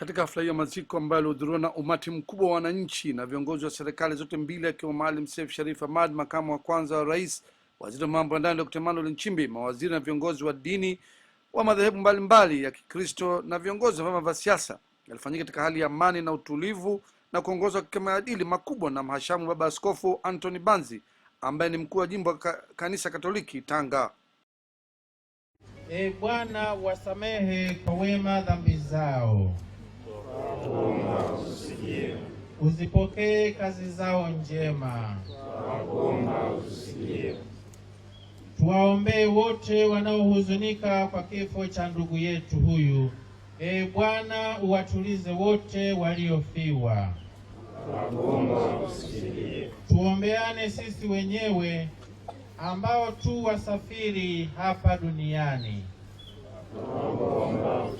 Katika hafla hiyo maziko ambayo alihudhuriwa na umati mkubwa wa wananchi na viongozi wa serikali zote mbili, akiwa Maalim Seif Sharif Hamad, makamu wa kwanza wa rais, waziri wa mambo ya ndani Dr. Emmanuel Nchimbi, mawaziri na viongozi wa dini wa madhehebu mbalimbali ya Kikristo na viongozi wa vyama vya siasa, yalifanyika katika hali ya amani na utulivu na kuongozwa kwa maadili makubwa na mhashamu Baba Askofu Anthony Banzi ambaye ni mkuu wa jimbo wa kanisa Katoliki Tanga. E Bwana, wasamehe kwa wema dhambi zao Kuomba Uzipokee kazi zao njema. Kuomba usikie. Tuwaombee wote wanaohuzunika kwa kifo cha ndugu yetu huyu. Ee Bwana, uwatulize wote waliofiwa. Kuomba usikie. Tuombeane sisi wenyewe ambao tu wasafiri hapa duniani. usikie.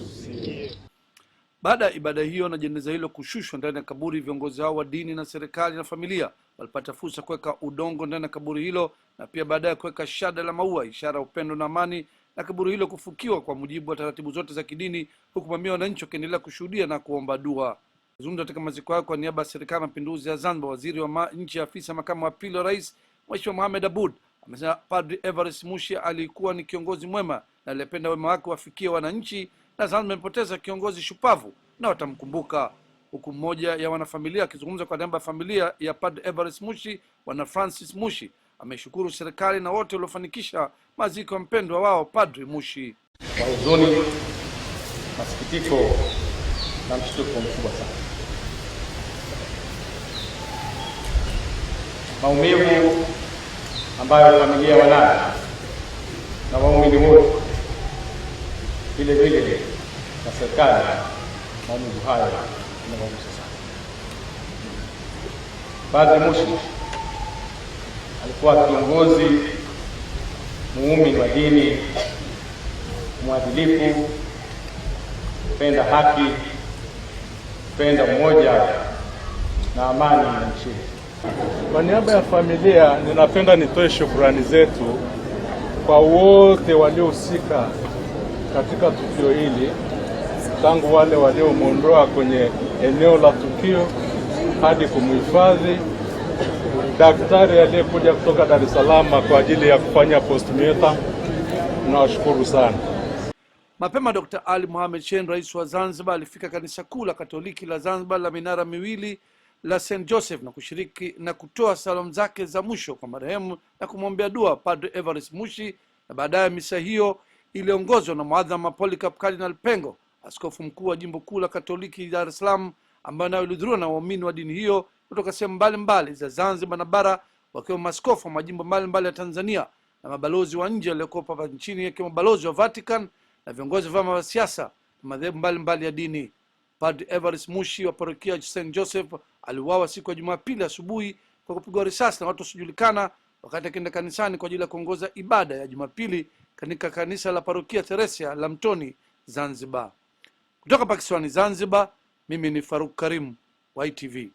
Baada ya ibada hiyo na jeneza hilo kushushwa ndani ya kaburi, viongozi hao wa dini na serikali na familia walipata fursa kuweka udongo ndani ya kaburi hilo na pia baadaye kuweka shada la maua, ishara ya upendo na amani, na kaburi hilo kufukiwa kwa mujibu wa taratibu zote za kidini, huku mamia wananchi wakiendelea kushuhudia na kuomba dua. Zungumza katika maziko hayo kwa niaba ya serikali ya mapinduzi ya Zanzibar, waziri wa nchi ya afisa makamu wa pili wa rais Mheshimiwa Mohamed Abud amesema Padri Evarist Mushi alikuwa ni kiongozi mwema na aliyependa wema wake wafikie wananchi na sasa mmepoteza kiongozi shupavu na watamkumbuka huku mmoja ya wanafamilia akizungumza kwa niaba ya familia ya Pad Everest Mushi, Bwana Francis Mushi ameshukuru serikali na wote waliofanikisha maziko ya mpendwa wao Padri Mushi. Kwa huzuni, masikitiko na mshtuko mkubwa sana, maumivu ambayo familia wanayo na waumini wote vile vile na serikali maumivu hayo ni sana. Padri Mushi alikuwa kiongozi muumini wa dini, mwadilifu, penda haki, penda umoja na amani nchini. Kwa niaba ya familia, ninapenda nitoe shukrani zetu kwa wote waliohusika katika tukio hili tangu wale waliomwondoa kwenye eneo la tukio hadi kumhifadhi. Daktari aliyekuja kutoka Dar es Salaam kwa ajili ya kufanya postmortem, tunawashukuru sana. Mapema Dr. Ali Mohamed Shein, rais wa Zanzibar, alifika kanisa kuu la Katoliki la Zanzibar la minara miwili la St Joseph na kushiriki na kutoa salamu zake za mwisho kwa marehemu na kumwombea dua Padre Evarist Mushi, na baadaye misa hiyo iliongozwa na Mwadhama Polycarp Cardinal Pengo askofu mkuu wa jimbo kuu la Katoliki Dar es Salaam, ambayo nayo ilihudhuriwa na waumini wa dini hiyo kutoka sehemu mbalimbali za Zanzibar na bara, wakiwa maskofu wa majimbo mbalimbali ya Tanzania na mabalozi wa nje waliokuwa papa nchini, akiwemo balozi wa Vatican na viongozi wa vyama vya siasa na madhehebu mbalimbali ya dini. Padre evaris Mushi wa parokia St Joseph aliuawa siku ya Jumapili asubuhi kwa kupigwa risasi na watu wasiojulikana wakati akienda kanisani kwa ajili ya kuongoza ibada ya Jumapili katika kanisa la parokia Theresia la Mtoni, Zanzibar. Kutoka Pakisiwani Zanzibar, mimi ni Faruk Karim wa ITV.